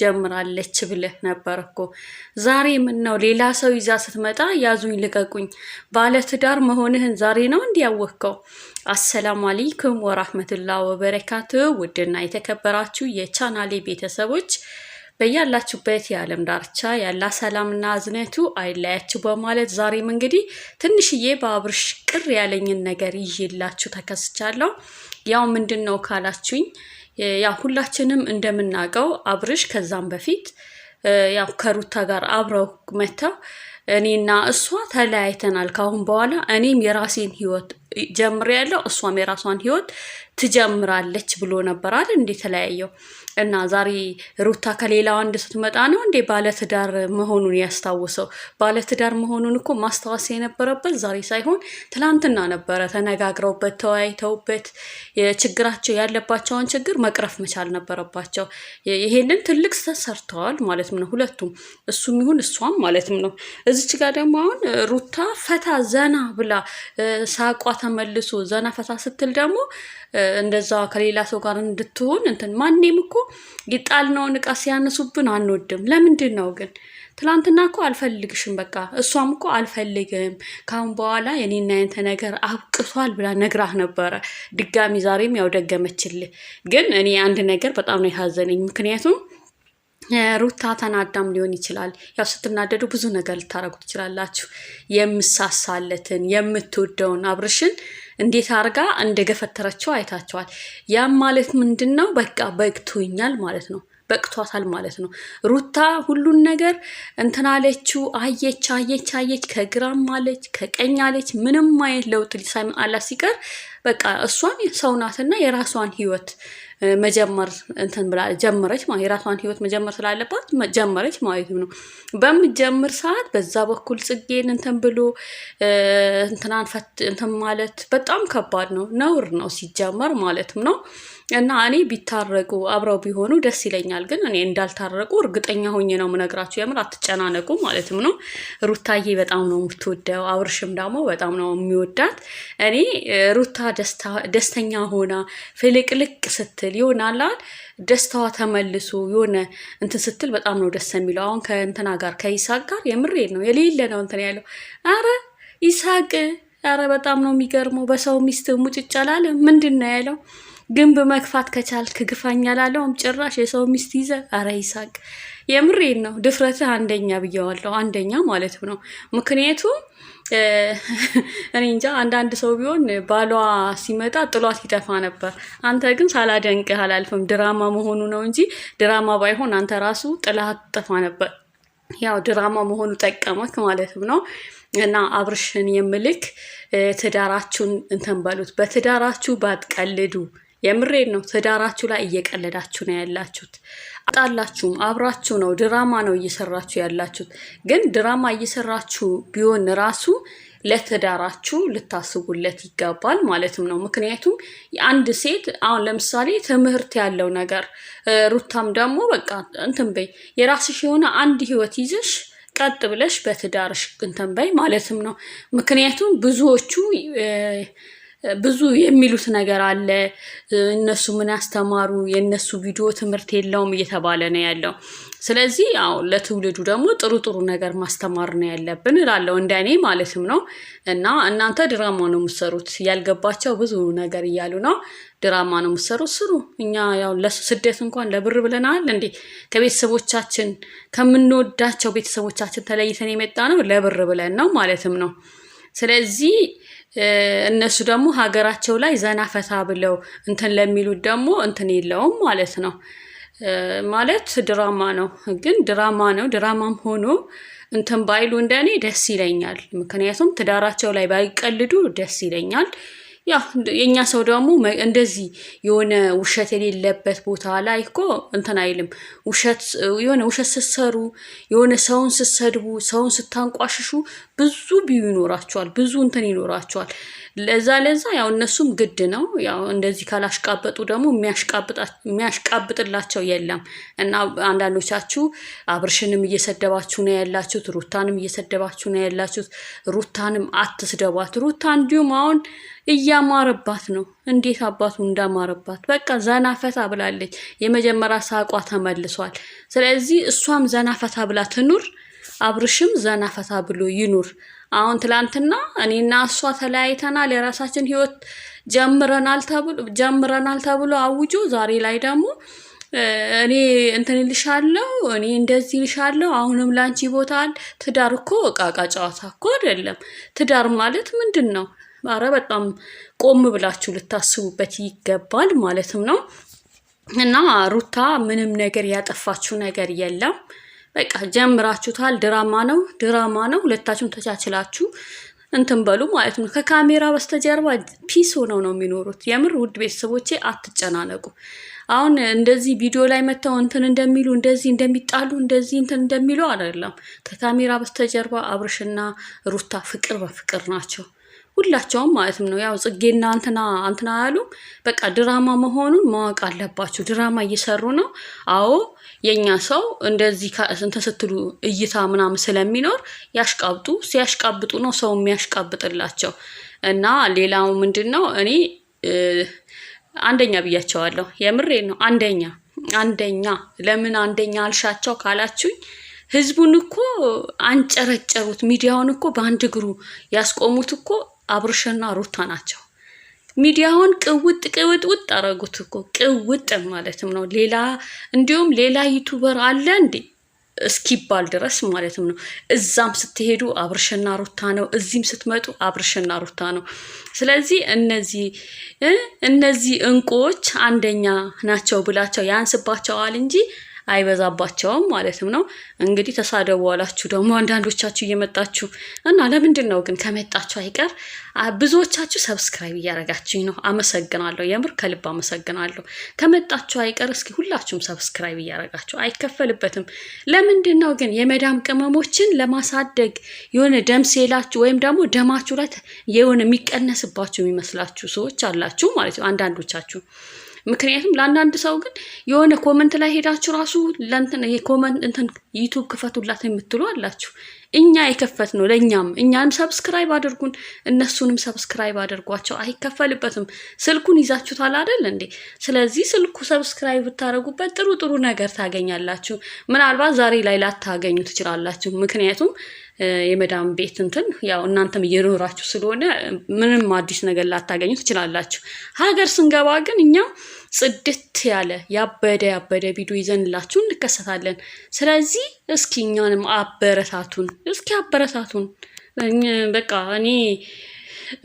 ጀምራለች ብለህ ነበር እኮ። ዛሬ ምን ነው ሌላ ሰው ይዛ ስትመጣ ያዙኝ ልቀቁኝ፣ ባለትዳር መሆንህን ዛሬ ነው እንዲያወቅከው። አሰላሙ አለይኩም ወራህመቱላ ወበረካቱ። ውድና የተከበራችሁ የቻናሌ ቤተሰቦች በያላችሁበት የዓለም ዳርቻ ያላ ሰላምና አዝነቱ አይለያችሁ በማለት ዛሬም እንግዲህ ትንሽዬ በአብርሽ ቅር ያለኝን ነገር ይዤላችሁ ተከስቻለሁ። ያው ምንድን ነው ካላችሁኝ፣ ያ ሁላችንም እንደምናውቀው አብርሽ ከዛም በፊት ያው ከሩታ ጋር አብረው መጥተው እኔና እሷ ተለያይተናል። ካሁን በኋላ እኔም የራሴን ህይወት ጀምሬያለሁ፣ እሷም የራሷን ህይወት ትጀምራለች ብሎ ነበር አይደል እንዴ ተለያየው። እና ዛሬ ሩታ ከሌላ ወንድ ስትመጣ ነው እንዴ ባለትዳር መሆኑን ያስታውሰው? ባለትዳር መሆኑን እኮ ማስታወስ የነበረበት ዛሬ ሳይሆን ትላንትና ነበረ። ተነጋግረውበት ተወያይተውበት ችግራቸው ያለባቸውን ችግር መቅረፍ መቻል ነበረባቸው። ይሄንን ትልቅ ስተሰርተዋል ማለትም ነው ሁለቱም፣ እሱም ይሁን እሷም ማለትም ነው። እዚች ጋር ደግሞ አሁን ሩታ ፈታ ዘና ብላ ሳቋ ተመልሶ ዘና ፈታ ስትል ደግሞ እንደዛ ከሌላ ሰው ጋር እንድትሆን እንትን ማንም እኮ የጣልነውን እቃ ሲያነሱብን አንወድም። ለምንድን ነው ግን? ትናንትና እኮ አልፈልግሽም፣ በቃ እሷም እኮ አልፈልግም፣ ካሁን በኋላ የኔና ያንተ ነገር አብቅቷል ብላ ነግራህ ነበረ። ድጋሚ ዛሬም ያው ደገመችልህ። ግን እኔ አንድ ነገር በጣም ነው ያሳዘነኝ ምክንያቱም ሩታ ተናዳም ሊሆን ይችላል። ያው ስትናደዱ ብዙ ነገር ልታደርጉ ትችላላችሁ። የምሳሳለትን የምትወደውን አብርሽን እንዴት አርጋ እንደገፈተረችው አይታችኋል። ያም ማለት ምንድን ነው? በቃ በግቶኛል ማለት ነው። በቅቷታል ማለት ነው። ሩታ ሁሉን ነገር እንትናለችው አየች አየች አየች፣ ከግራም አለች ከቀኝ አለች። ምንም አይነት ለውጥ ሊሳይ አላ ሲቀር በቃ እሷን ሰው ናትና የራሷን ህይወት መጀመር እንትን ብላ ጀመረች ማለት የራሷን ህይወት መጀመር ስላለባት ጀመረች ማለት ነው። በምጀምር ሰዓት በዛ በኩል ጽጌን እንትን ብሎ እንትናን ፈት እንትን ማለት በጣም ከባድ ነው፣ ነውር ነው ሲጀመር ማለትም ነው። እና እኔ ቢታረቁ አብረው ቢሆኑ ደስ ይለኛል፣ ግን እኔ እንዳልታረቁ እርግጠኛ ሆኜ ነው የምነግራችሁ። የምር አትጨናነቁ ማለትም ነው። ሩታዬ በጣም ነው የምትወደው፣ አብርሽም ደግሞ በጣም ነው የሚወዳት። እኔ ሩታ ደስተኛ ሆና ፍልቅልቅ ስትል ይሆናላል ደስታዋ ተመልሶ የሆነ እንትን ስትል በጣም ነው ደስ የሚለው። አሁን ከእንትና ጋር ከይሳቅ ጋር የምሬ ነው የሌለ ነው እንትን ያለው። አረ ይሳቅ አረ በጣም ነው የሚገርመው። በሰው ሚስት ሙጭ ይጫላል ምንድን ነው ያለው? ግንብ መግፋት ከቻልክ ግፋኝ አላለውም ጭራሽ። የሰው ሚስት ይዘ አረ ይሳቅ የምሬን ነው። ድፍረትህ አንደኛ ብየዋለሁ፣ አንደኛ ማለት ነው ምክንያቱም እኔ እንጃ አንዳንድ ሰው ቢሆን ባሏ ሲመጣ ጥሏት ይጠፋ ነበር። አንተ ግን ሳላደንቅህ አላልፍም። ድራማ መሆኑ ነው እንጂ ድራማ ባይሆን አንተ ራሱ ጥላት ጠፋ ነበር። ያው ድራማ መሆኑ ጠቀመክ ማለትም ነው። እና አብርሽን የምልክ ትዳራችሁን እንትን በሉት፣ በትዳራችሁ ባትቀልዱ የምሬድ ነው። ትዳራችሁ ላይ እየቀለዳችሁ ነው ያላችሁት። አጣላችሁም አብራችሁ ነው ድራማ ነው እየሰራችሁ ያላችሁት። ግን ድራማ እየሰራችሁ ቢሆን ራሱ ለትዳራችሁ ልታስቡለት ይገባል ማለትም ነው። ምክንያቱም አንድ ሴት አሁን ለምሳሌ ትምህርት ያለው ነገር ሩታም ደግሞ በቃ እንትን በይ የራስሽ የሆነ አንድ ህይወት ይዘሽ ቀጥ ብለሽ በትዳርሽ እንትን በይ ማለትም ነው። ምክንያቱም ብዙዎቹ ብዙ የሚሉት ነገር አለ። እነሱ ምን ያስተማሩ፣ የእነሱ ቪዲዮ ትምህርት የለውም እየተባለ ነው ያለው። ስለዚህ ያው ለትውልዱ ደግሞ ጥሩ ጥሩ ነገር ማስተማር ነው ያለብን እላለሁ፣ እንደ እኔ ማለትም ነው። እና እናንተ ድራማ ነው የምትሰሩት፣ ያልገባቸው ብዙ ነገር እያሉ ነው። ድራማ ነው የምትሰሩት፣ ስሩ። እኛ ያው ስደት እንኳን ለብር ብለናል እንዴ? ከቤተሰቦቻችን ከምንወዳቸው ቤተሰቦቻችን ተለይተን የመጣ ነው ለብር ብለን ነው ማለትም ነው። ስለዚህ እነሱ ደግሞ ሀገራቸው ላይ ዘና ፈታ ብለው እንትን ለሚሉት ደግሞ እንትን የለውም ማለት ነው። ማለት ድራማ ነው፣ ግን ድራማ ነው። ድራማም ሆኖ እንትን ባይሉ እንደኔ ደስ ይለኛል። ምክንያቱም ትዳራቸው ላይ ባይቀልዱ ደስ ይለኛል። ያው የእኛ ሰው ደግሞ እንደዚህ የሆነ ውሸት የሌለበት ቦታ ላይ እኮ እንትን አይልም። የሆነ ውሸት ስትሰሩ፣ የሆነ ሰውን ስትሰድቡ፣ ሰውን ስታንቋሽሹ ብዙ ቢዩ ይኖራቸዋል፣ ብዙ እንትን ይኖራቸዋል። ለዛ ለዛ ያው እነሱም ግድ ነው። ያው እንደዚህ ካላሽቃበጡ ደግሞ የሚያሽቃብጥላቸው የለም እና አንዳንዶቻችሁ አብርሽንም እየሰደባችሁ ነው ያላችሁት፣ ሩታንም እየሰደባችሁ ነው ያላችሁት። ሩታንም አትስደቧት። ሩታ እንዲሁም አሁን እያማረባት ነው። እንዴት አባቱ እንዳማረባት በቃ ዘና ፈታ ብላለች። የመጀመሪያ ሳቋ ተመልሷል። ስለዚህ እሷም ዘና ፈታ ብላ ትኑር፣ አብርሽም ዘና ፈታ ብሎ ይኑር። አሁን ትላንትና እኔና እሷ ተለያይተናል፣ የራሳችን ህይወት ጀምረናል ተብሎ አውጆ ዛሬ ላይ ደግሞ እኔ እንትን ልሻለው እኔ እንደዚህ ልሻለው፣ አሁንም ላንቺ ቦታል ትዳር እኮ እቃቃ ጨዋታ እኮ አይደለም። ትዳር ማለት ምንድን ነው? አረ በጣም ቆም ብላችሁ ልታስቡበት ይገባል ማለትም ነው። እና ሩታ ምንም ነገር ያጠፋችሁ ነገር የለም። በቃ ጀምራችሁታል። ድራማ ነው ድራማ ነው። ሁለታችሁን ተቻችላችሁ እንትን በሉ ማለት ነው። ከካሜራ በስተጀርባ ፒስ ሆነው ነው የሚኖሩት። የምር ውድ ቤተሰቦቼ አትጨናነቁ። አሁን እንደዚህ ቪዲዮ ላይ መጥተው እንትን እንደሚሉ እንደዚህ እንደሚጣሉ እንደዚህ እንትን እንደሚሉ አይደለም። ከካሜራ በስተጀርባ አብርሽና ሩታ ፍቅር በፍቅር ናቸው። ሁላቸውም ማለትም ነው ያው ጽጌና እንትና እንትና ያሉም በቃ ድራማ መሆኑን ማወቅ አለባችሁ። ድራማ እየሰሩ ነው። አዎ የእኛ ሰው እንደዚህ እንትን ስትሉ እይታ ምናምን ስለሚኖር ያሽቃብጡ ሲያሽቃብጡ ነው ሰው የሚያሽቃብጥላቸው እና ሌላው ምንድን ነው እኔ አንደኛ ብያቸዋለሁ። የምሬ ነው። አንደኛ አንደኛ ለምን አንደኛ አልሻቸው ካላችሁኝ ህዝቡን እኮ አንጨረጨሩት። ሚዲያውን እኮ በአንድ እግሩ ያስቆሙት እኮ አብርሽና ሩታ ናቸው። ሚዲያውን ቅውጥ ቅውጥ ውጥ አረጉት እኮ ቅውጥ ማለትም ነው። ሌላ እንዲሁም ሌላ ዩቱበር አለ እንዴ እስኪባል ድረስ ማለትም ነው። እዛም ስትሄዱ አብርሽና ሩታ ነው፣ እዚህም ስትመጡ አብርሽና ሩታ ነው። ስለዚህ እነዚህ እነዚህ እንቁዎች አንደኛ ናቸው ብላቸው ያንስባቸዋል እንጂ አይበዛባቸውም ማለትም ነው። እንግዲህ ተሳደቡ አላችሁ ደግሞ አንዳንዶቻችሁ እየመጣችሁ እና ለምንድን ነው ግን ከመጣችሁ አይቀር ብዙዎቻችሁ ሰብስክራይብ እያደረጋችሁኝ ነው። አመሰግናለሁ፣ የምር ከልብ አመሰግናለሁ። ከመጣችሁ አይቀር እስኪ ሁላችሁም ሰብስክራይብ እያደረጋችሁ አይከፈልበትም። ለምንድን ነው ግን የመዳም ቅመሞችን ለማሳደግ የሆነ ደም ሴላችሁ ወይም ደግሞ ደማችሁ ላይ የሆነ የሚቀነስባችሁ የሚመስላችሁ ሰዎች አላችሁ ማለት ነው አንዳንዶቻችሁ ምክንያቱም ለአንዳንድ ሰው ግን የሆነ ኮመንት ላይ ሄዳችሁ ራሱ ለእንትን የኮመንት እንትን ዩቱብ ክፈቱላት የምትሉ አላችሁ። እኛ የከፈት ነው ለእኛም እኛን ሰብስክራይብ አድርጉን እነሱንም ሰብስክራይብ አድርጓቸው። አይከፈልበትም። ስልኩን ይዛችሁታል አይደል እንዴ? ስለዚህ ስልኩ ሰብስክራይብ ብታደረጉበት ጥሩ ጥሩ ነገር ታገኛላችሁ። ምናልባት ዛሬ ላይ ላታገኙ ትችላላችሁ። ምክንያቱም የመዳም ቤት እንትን ያው እናንተም እየኖራችሁ ስለሆነ ምንም አዲስ ነገር ላታገኙ ትችላላችሁ። ሀገር ስንገባ ግን እኛ ጽድት ያለ ያበደ ያበደ ቪዲዮ ይዘንላችሁ እንከሰታለን። ስለዚህ እስኪ እኛንም አበረታቱን፣ እስኪ አበረታቱን። በቃ እኔ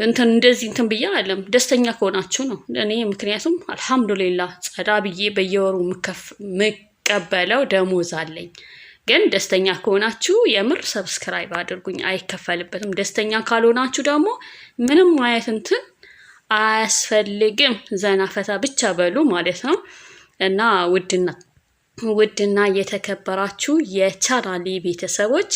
እንትን እንደዚህ እንትን ብዬ አለም ደስተኛ ከሆናችሁ ነው እኔ ምክንያቱም አልሐምዱሌላ ጸዳ ብዬ በየወሩ ምቀበለው ደሞዝ አለኝ። ግን ደስተኛ ከሆናችሁ የምር ሰብስክራይብ አድርጉኝ፣ አይከፈልበትም። ደስተኛ ካልሆናችሁ ደግሞ ምንም ማየት እንትን አያስፈልግም። ዘና ፈታ ብቻ በሉ ማለት ነው እና ውድና ውድና የተከበራችሁ የቻናሊ ቤተሰቦች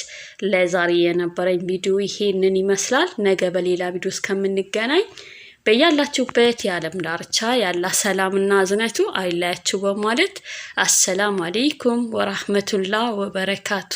ለዛሬ የነበረኝ ቪዲዮ ይሄንን ይመስላል። ነገ በሌላ ቪዲዮ እስከምንገናኝ በያላችሁበት የዓለም ዳርቻ ያላ ሰላምና እዝነቱ አይለያችሁ በማለት አሰላሙ አሌይኩም ወራህመቱላህ ወበረካቱ